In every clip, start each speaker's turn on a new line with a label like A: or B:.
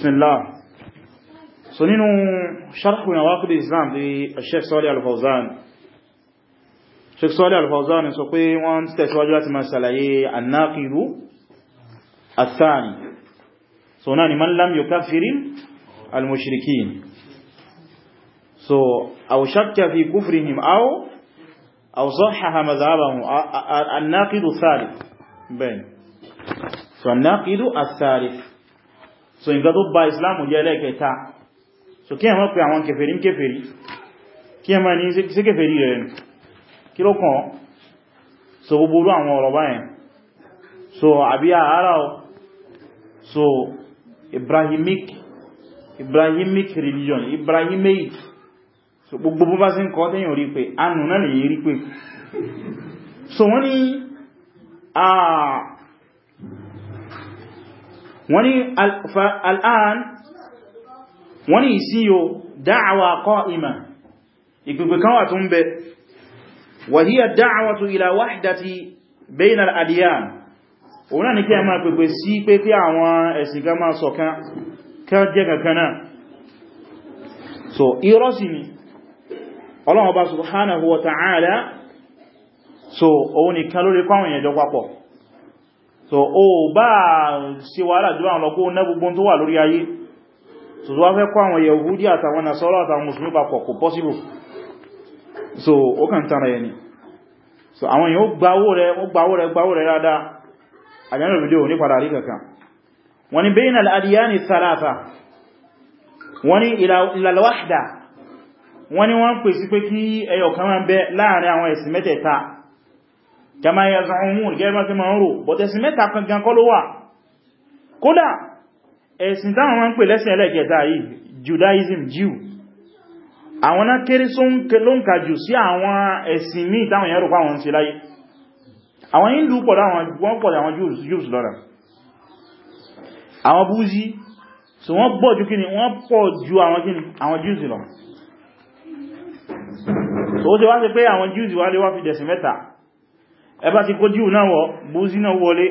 A: bismillah so nínú sharhu nawaqid islam di sheikh Salih al-Fawzan sheikh Salih al-Fawzan sọ pé wọ́n tẹ̀síwájú láti máa ṣàlàyé an-naqidu ath-thani so náà ni man lam yukaffirin al-mushrikin so aw shakka fi kufrihim aw aw sahhaha madhhabahum an-naqidu thalith bayn so an-naqidu ath-thalith so nǹkan tó ba islamu jẹ́ lẹ́kẹta so kí ẹmọ́ pé àwọn kèfèrí ń kèfèrí kí ẹmọ́ ní sí kèfèrí rẹ̀ nù kí ló kàn so gbogbo àwọn ọ̀rọ̀ báyẹn so àbí àárá o so ibrahimic ibrahimic religion ibrahimic so gbogbo bó bá sí ń kọ́ tẹ́yìn orí pé anù náà lè rí pé so wọ́n ni àà wọ́n ni al'an wọ́n ni sí yóò dáàwà qa'ima ìgbìgbì kan wà tún bẹ wa hiya ad-da'watu ila wahdati bayna al-adyan òun náà ni kí a máa pẹ̀pẹ̀ sí pé kí àwọn ẹ̀sìn máa ṣọ̀kan kan jẹ́ kankan náà so irọ́ sí ni Ọlọ́hun Ọba subhanahu wa ta'ala so òun ni kan lórí kọ́wọ̀n ìyẹjọ́ papọ̀ so o ba si wala jù àwọn ọlọ́kó ná gbogbo tó wà lórí ayé so tó wá fẹ́ kọ́ àwọn na àtàwọn nasọ́rọ̀ àtàwọn musulmi papọ̀ kò possible so ó kàn tánà ẹni so àwọn o gbáwó rẹ̀ gbáwó rẹ̀ gbáwó rẹ̀ dáadáa àjẹ́mẹ̀ fídíò ní padà rí kankan wọ́n ni bainal adiyani salasa wọ́n ni ilalwahda wọ́n ni wọ́n pèsí pé kí ẹyọ kan máa bẹ láàrin àwọn ẹ̀sìn mẹ́tẹ̀ẹ̀ta kama yaz'umun gẹ́gbà tí máa ń rò bọ̀tẹ̀ sí mẹ́ta kankan kọ́ ló wà kódà ẹ̀sìn táwọn máa ń pè lẹ́sìn ẹlẹ́kẹta yìí Judaism Jew àwọn náà kéré ló ń kàjù sí àwọn ẹ̀sìn míì táwọn yẹ́rù pàwọn sí láyé àwọn Jews lọ́ra àwọn so wọ́n pọ̀ ju kíni wọ́n pọ̀ ju àwọn so ó ti wá sí pé àwọn ẹbá ti kójú náà wọ búzí náà wọlé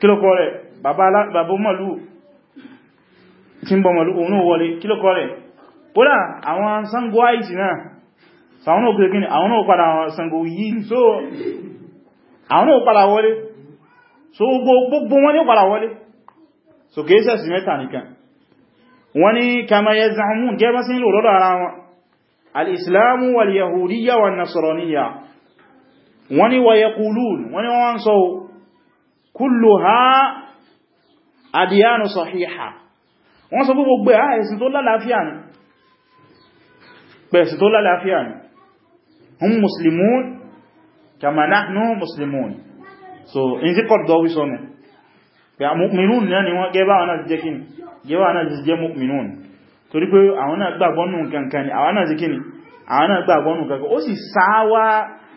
A: kílòkọ rẹ̀ bàbá mọ̀lú tí ń bọ̀ mọ̀lú òun náà wọlé kílòkọ rẹ̀ kódà àwọn Ṣàngó àìsì náà sàwọn náà kìrìkì ní àwọn náà padà Ṣàngó yìí so àwọn náà padà wọlé so gbogbo wọn ní padà wọlé so kèésẹ̀ sí mẹ́ta nìkan wọ́n ní kama yazamun gẹ́bá sí lò lọ́dọ̀ wọ́n ni wa yaqulun wọ́n ni wọ́n sọ kulluha adiyanu sahiha wọ́n sọ gbogbo ẹ̀ ah, ẹ̀sìn tó lálàáfíà ni pẹ̀sìn tó lálàáfíà ni hum muslimun kama nahnu muslimun so in ti kọ̀ dọ́wí sọ́nù pé mu'minun náà ni wọ́n gẹ́bà wọn náà ti jẹ́ kíni gẹ́bà wọn náà ti jẹ́ mu'minun torí pé àwọn náà gbàgbọ́nù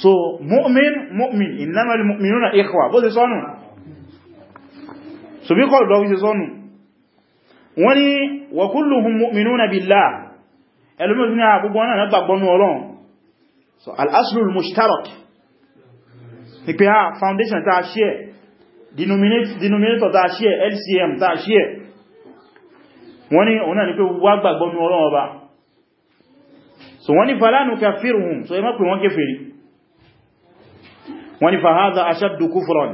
A: so mu'min mu'min innamal mu'minuna ikhwa bó ṣe sọ́nù so bí kọ́ lọ́wọ́ ṣe sọ́nù wọ́n ni wa kulluhum mu'minuna billah ẹlùmí ní àgbogbo ah, náà gbàgbọ́nú ọlọ́run so al-aslul mushtarak ni pé ha ah, foundation ta ṣe denominator ta ṣe LCM ta ṣe wọ́n ni ọ̀nà ni pé wá gbàgbọ́nú ọlọ́run ọba so wọ́n ni fala nukaffiruhum so ẹ má pè wọ́n kéfèrí wọ́n ni fàhádà aṣaddu kúfùrọ̀n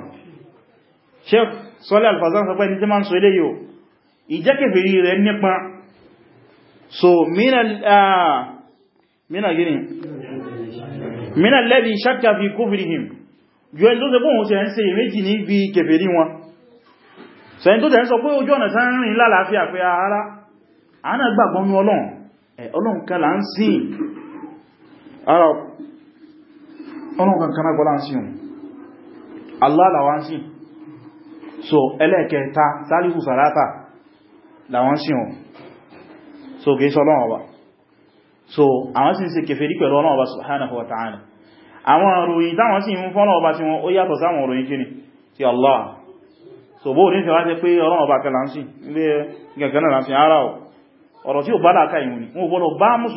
A: sheikh sọ́lẹ̀ alfazan sọpẹ́ ní tí ma ń sọ ilé yóò ìjẹ́kẹfẹ̀rí rẹ̀ nípa so mina ah, gini mina lẹ́bi ṣakka fi kúfìrìhìm ju ẹni tó ṣe bóhun ṣe ń ṣe méjì ní bí kẹfẹ̀rí wọn ọ̀nà kankan náà kọ́lá ń sí Allah làwọn sí so ẹlẹ́ẹ̀kẹta sálífù sàrátà làwọn sí wọn so kìí sọ lọ́wọ́ wa so àwọn sì ń ṣe kèfèrí pẹ̀lú Ọlọ́run Ọba subhanahu wa ta'ala àwọn òròyìn táwọn sì ń fọ́nà ọba tí wọn ó yàtọ̀ sáwọn òròyìn kíni so bó ní fẹ́wàá jẹ́ pé Ọlọ́run Ọba kẹla ń sí ilé gẹ̀gẹ̀ náà láti ara ọ̀rọ̀ tí ó bá láàká ìwọ̀n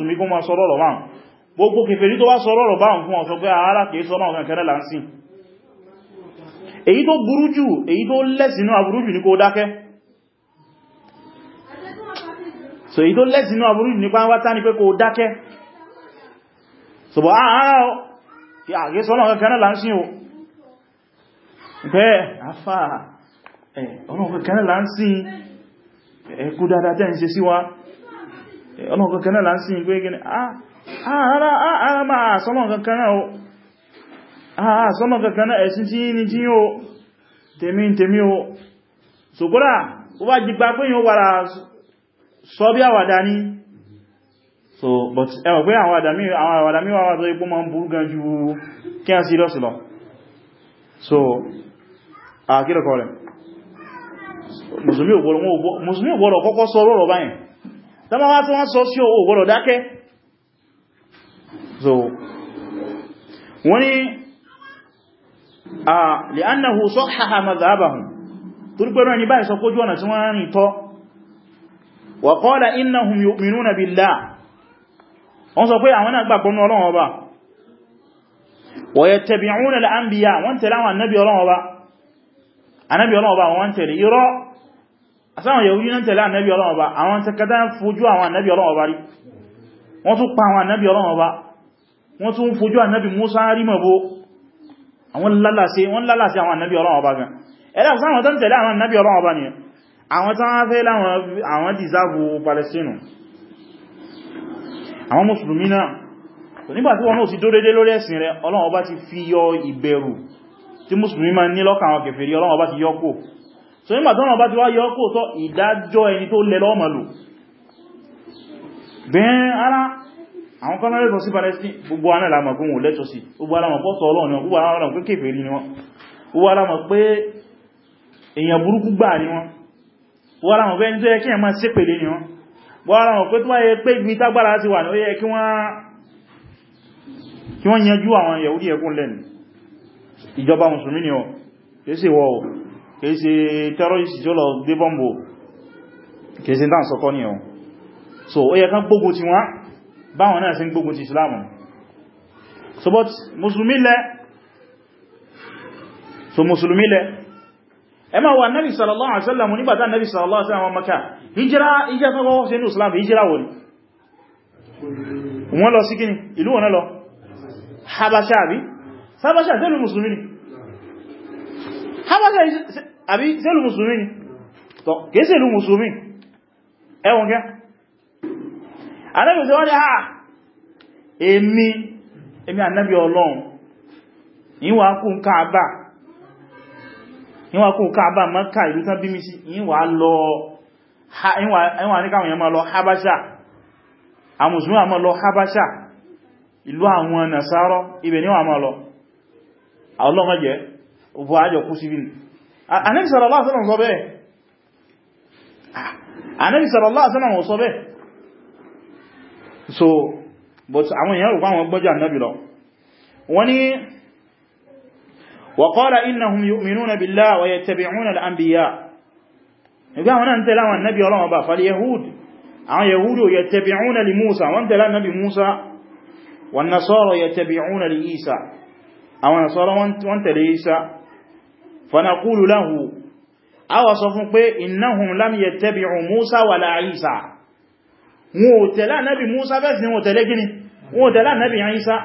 A: ni gbogbo kèfèrí tó wá sọ̀rọ̀ ọ̀rọ̀ báhùn fún ọ̀sọ̀ pé ah, ara kìí sọ́nà kẹrẹ èyí tó burú jù èyí tó lẹ́sìnú jù ní kó dákẹ́ so èyí tó lẹ́sìnú aburú jù ní pé kó dákẹ́ so ah, ah, oh, o afa ọ̀nà kẹrẹ lánsìn ẹkú ara a ma sọmọ kankan náà o a sọmọ kankan náà ẹ̀sìn tí ní tí yíò tèmi tèmi o ṣùgbọ́nà ó bá jígbà pé yíò wàrà sọ bí àwàdà ní so but ẹwà pé àwọn àwàdà míwà wà tó ipò ma ń burú gan ju kí a serious lọ so a kílọ̀kọ̀ rẹ̀ musulmi ò gbọ́dọ̀ kọ́kọ́ sọ lọ́rọ̀ báyìí tàbí wá tí wọ́n sọ sí ò gbọ́dọ̀ so wọ́n ni a lè annahu sọ haha mazhabahun turgbẹ̀rọ ni báyìí sọ kójú ọ̀nà tí wọ́n rìn tọ́ wa qala innahum yu'minuna billah wọ́n sọ pé àwọn náà gbàgbọ́ ní Ọlọ́run Ọba wa yattabi'una al-anbiya wọ́n tẹ̀lé àwọn annabi Ọlọ́run Ọba annabi Ọlọ́run Ọba wọ́n tẹ̀lé irọ́ asáwọn yahudi náà tẹ̀lé annabi Ọlọ́run Ọba àwọn tẹ́kẹ́dá fojú àwọn annabi Ọlọ́run Ọba rí wọ́n tún pa àwọn annabi Ọlọ́run Ọba wọ́n tún fojú annabi Musa rí mọ̀ bó àwọn lálàsí wọ́n lálàsí àwọn annabi Ọlọ́run ọba gan ẹ̀dá fún àwọn tó ń tẹ̀lé àwọn annabi Ọlọ́run ọba nìyẹn àwọn tó wá fẹ́ láwọn àwọn dìsáàbù Palestine àwọn mùsùlùmí náà tó nígbàtí wọn náà sì dó dédé lórí ẹ̀sìn rẹ̀ Ọlọ́run ọba ti fi yọ ìbẹ̀rù tí mùsùlùmí máa ní lọ́kàn àwọn kèfèrí Ọlọ́run ọba ti yọ kó so nígbà tó ọba ti wá yọ kó tọ́ ìdájọ́ ẹni tó lẹ lọ́mọlù àwọn kan lẹ́tọ̀ọ́ sí palestine gbogbo aná lámọ̀ pé wọn lẹ́tọ̀ọ́ sí gbogbo alámọ̀ pọ́ sọ́ọ̀lọ́ ni wọn gbogbo alámọ̀ pé kèfèrí ni wọn gbogbo alámọ̀ pé èèyàn burúkú gbà ni wọn gbogbo alámọ̀ pé ní tó yẹ kí ẹ̀mà ṣépèlé ni wọn gbogbo alámọ̀ pé tó yẹ pé ibi tágbára ti wà ní ó yẹ kí wọ́n yanjú àwọn yahudi so ó yẹ kán gbógun ti wọn báwọn náà sí ń gbógun ti islam so but musulmi lẹ so musulmi lẹ́ ẹ ma wà nábi sallallahu alaihi wasallam nígbàtà sallallahu alaihi wasallam maka hijira hijira tó sí inú hijira wọ́n wọ́n lọ sí ilu ìlú wọn lọ habasha abi habasha musulmi habasha musulmi ni musulmi anábi òsè wọ́n ní àà ah, èmi èmi ànábi ọlọ́run ìwà kún káàbà mọ́ká ìlú tán bí mi sí ìwà ní káwọn máa lọ habasha àwọn mùsùlùmí lọ habasha ìlú àwọn nasarọ ibẹ̀ ni wọ́n máa lọ ọlọ́run jẹ́ òbò sọ so but àwọn èèyàn rò fáwọn gbọ́jà annabi lọ wọ́n ní wa qala innahum yu'minuna billahi wa yattabi'una al-anbiya ìgbà wọn náà tẹ́lá wọn nábi ọlọ́wọ́ bá fàlì yahud àwọn yahudu yattabi'una li musa wọn musa wọn nasara yattabi'una musa wọn ò tẹ̀lé ànábì Musa bẹ́ẹ̀ sì wọn tẹ̀lé gíní wọn ò tẹ̀lé ànábì Isa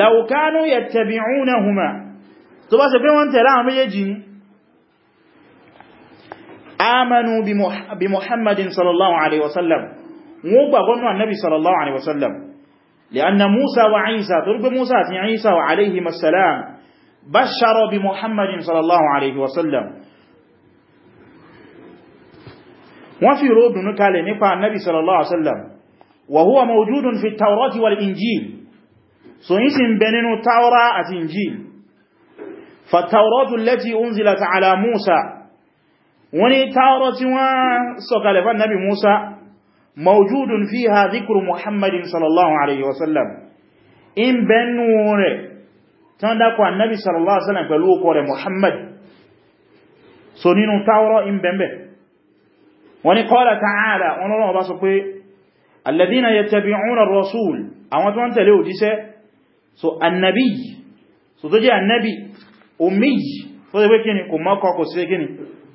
A: law kanu yattabi'unahuma tó bá ṣe pé wọ́n tẹ̀lé àwọn méjèèjì ní amanu bi Muhammadin sallallahu alaihi wasallam wọ́n gbàgbọ́ nínú ànábì sallallahu alaihi wasallam li'anna Musa wa Isa torí pé Musa àti Isa wa alaihi masalam bashara bi Muhammadin sallallahu alaihi wasallam wọ́n fi ròdùnú kalẹ̀ nípa annabi sallallahu alaihi wasallam wa huwa mawjudun fi taurati wal injil so yí sí bẹ nínú taura àti injil fa tauratu allati unzilat ala musa wani taura tí wọ́n sọ̀kalẹ̀ fa annabi musa mawjudun fiha dhikru muhammadin sallallahu alaihi in bẹ nínú rẹ̀ tán dákọ̀ annabi sallallahu alaihi pẹ̀lú wọ́n ni qala ta'ala wọn lọ́wọ́ bá sọ pé alladhina yattabi'una ar-rasul àwọn tó ń tẹ̀lé òjíṣẹ́ so annabi so tó jẹ́ annabi ummi tó jẹ́ pé kíni kò mọ́kọ kò sí kíni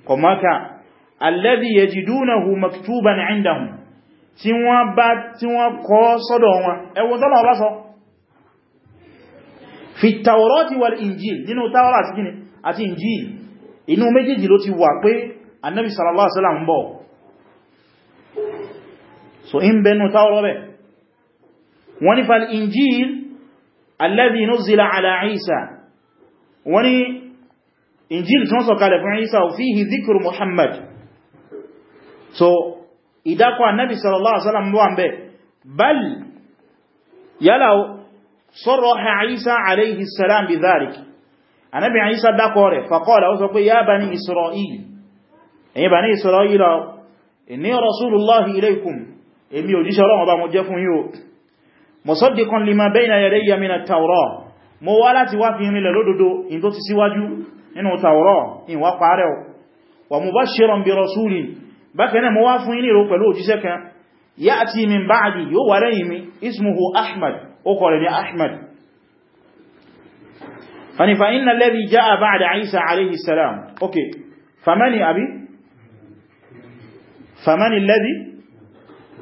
A: kò mọ́ka alladhi yajidunahu maktuban 'indahum tí wọ́n bá tí wọ́n kọ sọ́dọ̀ wọn ẹwọ́n tọ́lọ̀ bá sọ so in benu taurọ bẹ wọ́n ní fal injil alladhi nuzila ala isa wọ́n ní injil tún sọ kalẹ̀ fún isa fihi dhikru muhammad so ìdákọ̀ annabi sallallahu alaihi wasallam wọ́n bẹ bal yálà sọ́rọ̀ha isa alaihi salam bi dhalik annabi isa dákọ̀ rẹ̀ faqala ó sọ pé ya bani isra'il ẹ̀yin bani isra'ila inni rasulullahi ilaikum èmi òjíṣẹ́ Ọlọ́run bá mo jẹ́ fún yíò musaddiqan lima bayna yadayya mina at-Tawrah mo wá láti wá fi rinlẹ̀ lódodo in tó ti síwájú nínú Tawrah in wá parẹ́ o wa mubashiran bi rasulin bákan náà mo wá fún yín ro pẹ̀lú òjíṣẹ́ kan ya'ti min ba'di yóò wà lẹ́yìn mi ismuhu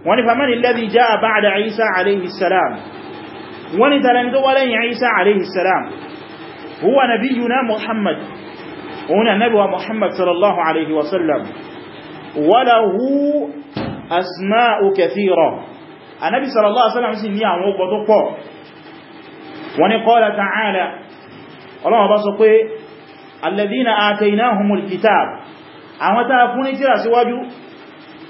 A: wọ́n ni famani alladhi jaa ba'da Isa alayhi salam wọ́n ni tàrẹni tó wá lẹ́yìn Isa alayhi salam huwa nabiyyuna Muhammad òun na nabi wa Muhammad sallallahu alayhi wasallam wa lahu asma'u kathira anabi sallallahu alayhi wasallam sì ní àwọn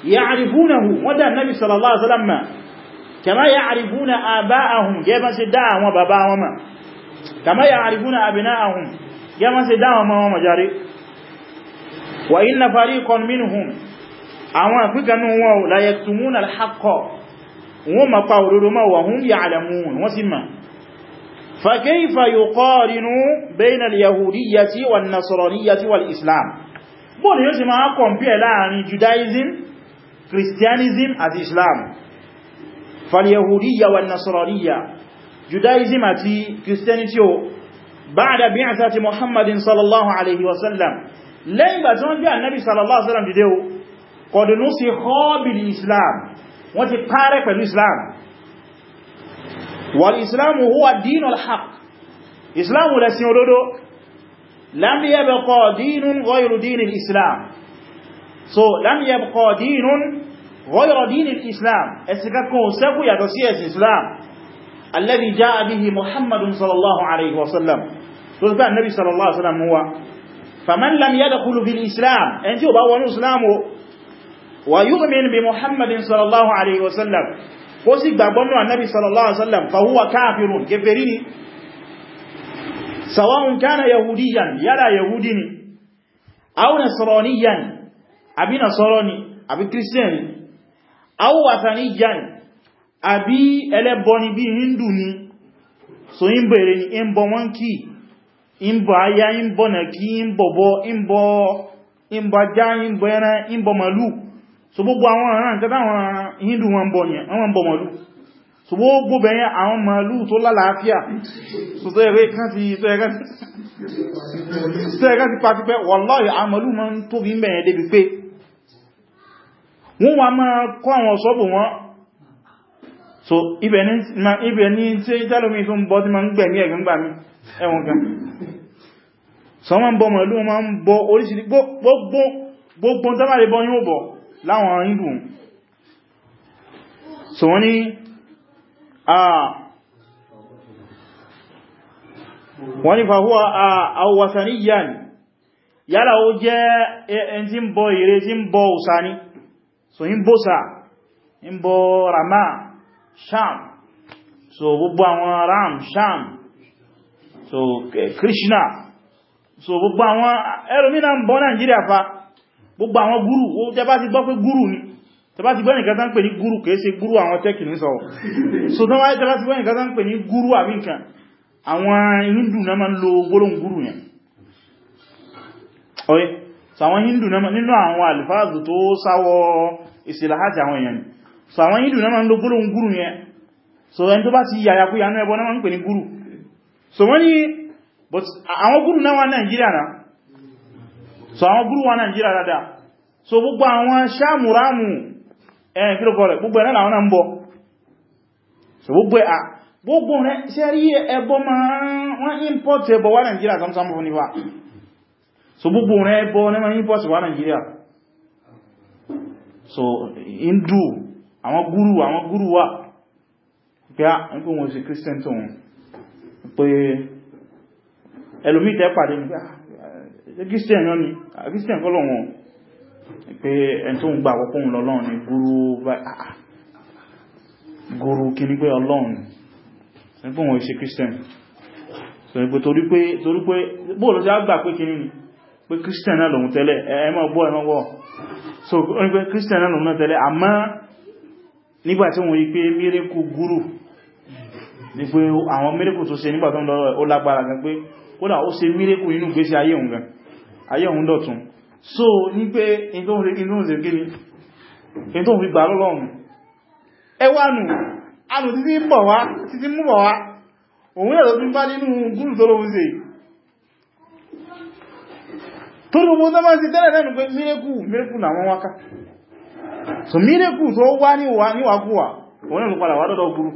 A: يعرفونه ودى النبي صلى الله عليه وسلم كما يعرفون آباءهم كما سداء وباباهم كما يعرفون أبناءهم كما سداء ومجاري وإن فريقا منهم àwọn àpíkanú wọn la yaktumuna al-haqqa wọn ma pa òróró ma wa hum ya'lamun wọ́n sì ma fa kayfa yuqarinu bayna al-yahudiyyati wan-nasraniyyati wal-islam bọ́ọ̀lù yóò sì máa kọ̀mpíẹ̀ láàrin judaism christianism àti islam falyahudiyya wa nasarariyya judaism àti christianity o ba'da bi'athati muhammadin sallallahu alaihi wasallam lẹ́yìn ìgbà tí wọ́n gbé annabi sallallahu alaihi wasallam dìde o kọ̀dùnú sí hobbil islam wọ́n ti parẹ́ pẹ̀lú islam wal islam huwa dinul haqq islam lẹ́sìn òdodo lam yabqa dinun ghayru dinil islam so lam yabqa dinun ghayra dinil islam ẹ̀sìnká kan sẹ́kù yàtọ̀ sí ẹ̀sìn islam alladhi jaa bihi muhammadun sallallahu alaihi wasallam tó gbá annabi sallallahu alaihi wasallam wa faman lam yadkhulu bil islam ẹni tí ó bá wọnú islam wa yu'min bi muhammadin sallallahu alaihi wasallam kó sì gbàgbọ́ nínú annabi sallallahu alaihi wasallam fa huwa kafirun kèfèrí sawa'un kana yahudiyan yala yahudi aw nasraniyan àbí nàṣọ́rọ́ ni àbí kristian ni awúwàta ní jan àbí ẹlẹ́bọ ni bí hindu ni so in bèèrè ni in bọ wọn kí in aya so gbogbo àwọn hindu wọn bọ ni wọn bọ màlú so gbogbo bẹ̀yẹn àwọn màlú tó lálàáfíà so tó ẹ̀rẹ́ kan ti tó ẹ̀rẹ́ ti pàtípẹ́ ma ń tóbi débi pé wọ́n wá máa kọ́ àwọn sọ́bù wọn so ibẹ̀ ní tí tẹ́lómi tó bọ́ tí ma ń gbẹ̀mí ẹ̀gbẹ̀ ń gbà mí ẹwọn so ma ń bọ́ mọ̀lú ma ń bọ́ oríṣìí gbogbo tẹ́bàrí bọ́ yóò bọ̀ láwọn ìlú yálà ó jẹ́ ẹn tí ń bọ ère tí ń bọ òsà ni so in bosa in bo rama sham so gbogbo àwọn ram sham so krishna so gbogbo àwọn ẹlòmínà ń bọ́ Nàìjíríà fa gbogbo àwọn gúrù ó tẹbá ti gbọ́ pé gúrù ni tẹbá ti gbọ́ nìkan tán pè ní gúrù kìí ṣe gúrù àwọn tẹ́kì ní sọ so tán wáyé tẹbá ti gbọ́ nìkan tán pè ní gúrù àbí nǹkan àwọn hindu náà ma ń lo gbólóhùn gúrù yẹn ọ̀yẹ́ so àwọn hindu náà nínú àwọn alifáàzù tó sáwọ́ ìsìláhàtì àwọn èèyàn so àwọn Hindu náà máa ń lo gbólóhùn gúrù yẹn so ẹni tó bá ti yàyà kú yànú ẹbọ náà ń pè ní gúrù so wọ́n ní but àwọn gúrù náà wà Nàìjíríà náà so àwọn gúrù wà Nàìjíríà dáadáa so gbogbo àwọn sàmùrámù ẹ̀yìn kí ló kọ́ rẹ̀ gbogbo ẹ̀ so gbogbo ẹ̀ gbogbo rẹ̀ ṣe rí ẹbọ import ẹbọ wà Nàìjíríà samsam fún so gbogbo rẹ̀ ẹbọ náà import wà Nàìjíríà so hindu àwọn gúrù àwọn gúrù wà pé á ń pè wọn sí christian tó wọn pé ẹlòmítẹ́ pàdé ní pé ah, christian yọ́ ni ah, christian kọ́ lọ́wọ́n pé ẹni tó ń gba àkọ́kọ́ ń lọ́lọ́run ni gúrù gúrù kí ní pé ọlọ́run ní pé wọn sí christian so ní pé torí pé torí pé bóòlù tí a pé kí ní pé christian náà lòun tẹ́lẹ̀ ẹ so onígbẹ́ christian náà lòun náà tẹ́lẹ̀ àmá nígbàtí wọ́n rí pé mírẹ́kù gúrù ní pé àwọn mírẹ́kù tó ṣe nígbàtí wọ́n lọ́rọ̀ ó lágbára gan pé ó dà ó ṣe mírẹ́kù inú gbésí ayé òun gan ayé òun dọ̀tún so ní pé in tó ń fi gbà lọ́lọ́run ẹwànù anù títí mú bọ̀ wá òun yẹ̀ lọ́tún bá nínú gúrù tó tó ní gbogbo na sí tẹ́lẹ̀ lẹ́nu pé mírẹ́kù mírẹ́kù làwọn wáká so mírẹ́kù tó wá níwàkúwà wọ́n náà padà wà dọ́dọ̀ burú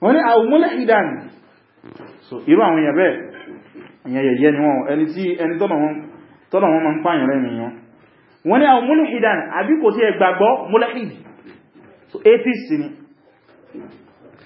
A: wọ́n ni àwọn so irú tí ẹ gbàgbọ́ so atheist ni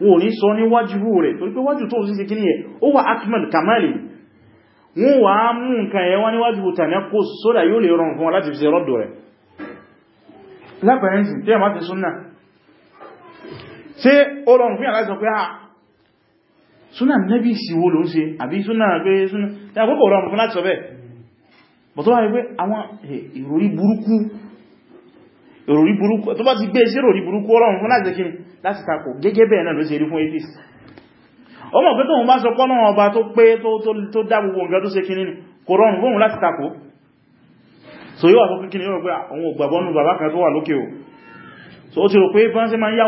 A: wọn ò ní sọ ní wájúhú rẹ̀ torí pé wájú tó sí kí ẹ̀ ó wà akmal kamali wọn wà mú nǹkan ẹ̀ wá níwájú tànà kó sódà yóò lè rọrùn fún láti fi ṣe rọ́dọ̀ rẹ̀ lápẹ̀ẹ́sì tí a máa fi ha súnnà nẹ́bí ah, ìsìwò ló ń ṣe àbí súnnà pé súnnà tí a kókò rọrùn fún láti sọ bẹ́ẹ̀ rori burúkú tó bá ti gbé sí ìròrí burúkú ọlọ́run fún láti kíni láti takò gẹ́gẹ́ bẹ́ẹ̀ náà ló ṣe rí fún atheist ó mọ̀ pé tóun bá sọ ọba tó pé tó dá gbogbo nǹkan tó ṣe kò rọrùn so yíwà fún kíní yóò pé àwọn ògbàgbọ́nù bàbá kan tó wà o so ó ti rò pé fánsí máa ń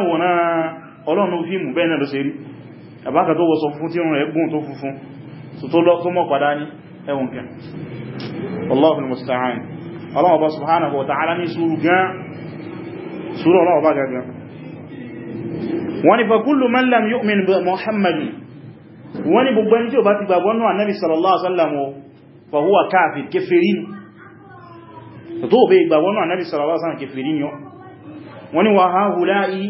A: so tó lọ tó mọ̀ padà Allah súrọ̀ ọlọ́wọ́ bá gangan wọ́n ni fakullu man lam yu'min bi muhammadu wọ́n ni gbogbo ẹni tí ó bá ti gbàgbọ́ nínú annabi sallallahu alaihi wasallam fa huwa kafir kèfèrí tó bẹ gbàgbọ́ nínú annabi sallallahu alaihi wasallam kèfèrí ni wọ́n ni wa ha'ula'i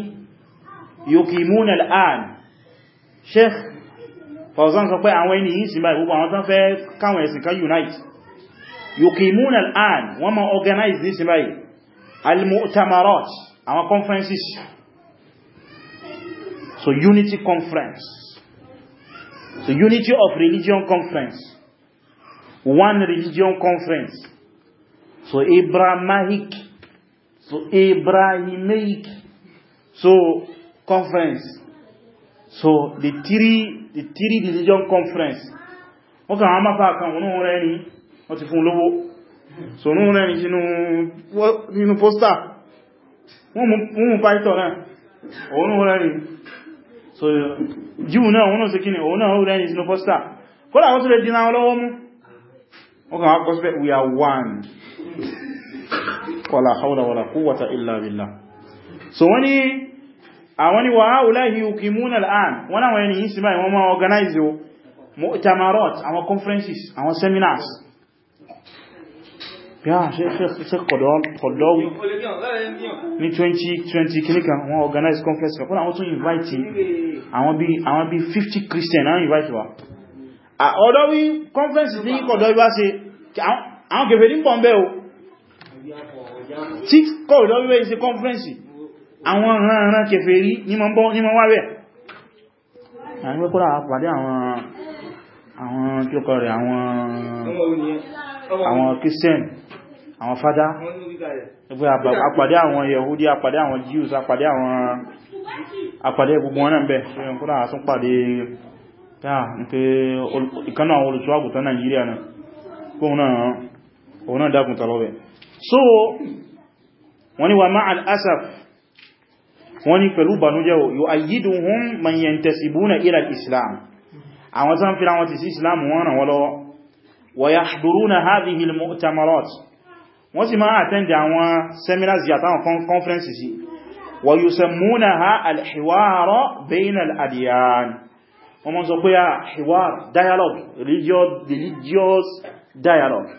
A: yuqimuna al-an sheikh ma organize ní sí al-mu'tamarat àwọn conferences so unity conference so unity of religion conference one religion conference so Abrahamic, so Ibrahimic so conference so the three the three religion conference wọ́n kàn án máfà kan wọ́n rẹ̀ ní wọ́n ti fún olówó so ní wọ́n rẹ̀ nínú póstà wọ́n mú pàítọ̀ náà òun rẹ̀rin so jíù náà wọ́n sí kíni òun náà rẹ̀rin sínú fọ́sítà kọ́lá wọ́n tó lè dínà ọlọ́wọ́ mú wọ́n kàn wákọ́ sílẹ̀ we are one kọ́lá haula wala quwwata illa billah so wọ́n ni àwọn ni wàá wùláhì yukimuna al'an wọ́n àwọn ẹni yìí sí báyìí wọ́n máa organize mu'tamarat àwọn conferences àwọn seminars yáà ṣe kọ̀dọ̀wí ní 2020 kìníkà wọ́n organize conference kan fún àwọn tún invite àwọn bí àwọn bí 50 Christian àwọn invite wa ọ̀dọ̀wí conference ní kọ̀dọ̀wí wá ṣe àwọn kèfè ní pọ̀ mẹ́ o tí kọ̀dọ̀wí wá ṣe conference àwọn ọ̀rán kèfè rí ní mọ́ wá àwọn Christian àwọn fádá ẹgbẹ́ àpàdé àwọn yahudi àpàdé àwọn jews àpàdé àwọn àpàdé gbogbo wọn náà bẹ̀ ṣe kúrò àsún pàdé táà ní pé ìkanú àwọn olùsọ́gbùtán Nàìjíríà náà kóhun náà dákùntà lọ́wẹ́ so wọ́n ni wà ma'al asaf wọ́n ni pẹ̀lú banújẹ́ yóò ayídùn hún man yantasibuna ila islam àwọn tán fi láwọn ti sí islam wọ́n ràn wọ́lọ́wọ́ wa yahduruna hadhihi al-mu'tamarat wọ́n sì máa attend àwọn seminars àtàwọn conferences sí wa yusammunaha al-hiwara bayna al-adyan wọ́n mọ́ sọ pé a ah, hiwar dialogue religious dialogue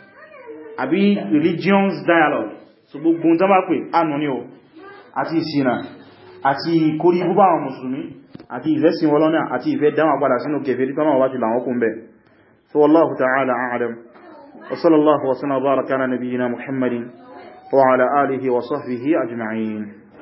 A: àbí religions dialogue so gbogbo tó bá pè ánù ní o àti ìsìnà àti kórí búbá àwọn mùsùlùmí àti ìfẹ́sìn wọlọ́nà àti ìfẹ́ dáwọn padà sínú kẹfẹ́ rí kọ́nà wá ti làwọn kún bẹ̀ so wallahu ta'ala a'lam وصلى الله وسلم وبارك على نبينا محمد وعلى آله وصحبه أجمعين